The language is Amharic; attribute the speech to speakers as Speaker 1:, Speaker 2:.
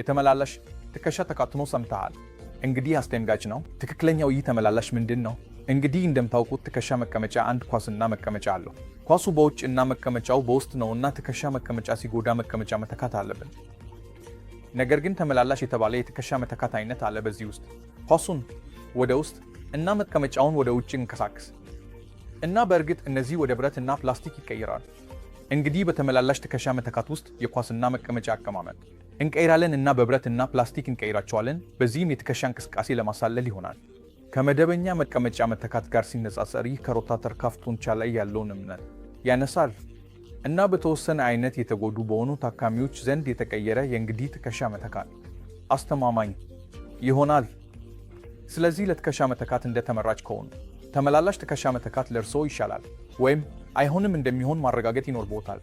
Speaker 1: የተመላላሽ ትከሻ ተካትኖ ሰምተሃል። እንግዲህ አስደንጋጭ ነው። ትክክለኛው ይህ ተመላላሽ ምንድን ነው? እንግዲህ እንደምታውቁት ትከሻ መቀመጫ አንድ ኳስና መቀመጫ አለው። ኳሱ በውጭ እና መቀመጫው በውስጥ ነው እና ትከሻ መቀመጫ ሲጎዳ መቀመጫ መተካት አለብን። ነገር ግን ተመላላሽ የተባለ የትከሻ መተካት አይነት አለ። በዚህ ውስጥ ኳሱን ወደ ውስጥ እና መቀመጫውን ወደ ውጭ እንቀሳቅስ እና በእርግጥ እነዚህ ወደ ብረት እና ፕላስቲክ ይቀይራል። እንግዲህ በተመላላሽ ትከሻ መተካት ውስጥ የኳስና መቀመጫ አቀማመጥ እንቀይራለን እና በብረት እና ፕላስቲክ እንቀይራቸዋለን። በዚህም የትከሻ እንቅስቃሴ ለማሳለል ይሆናል። ከመደበኛ መቀመጫ መተካት ጋር ሲነጻጸር ይህ ከሮታተር ካፍ ጡንቻ ላይ ያለውን እምነት ያነሳል እና በተወሰነ አይነት የተጎዱ በሆኑ ታካሚዎች ዘንድ የተቀየረ የእንግዲህ ትከሻ መተካት አስተማማኝ ይሆናል። ስለዚህ ለትከሻ መተካት እንደ ተመራጭ ከሆኑ ተመላላሽ ትከሻ መተካት ለእርስዎ ይሻላል ወይም አይሆንም እንደሚሆን ማረጋገጥ ይኖርብዎታል።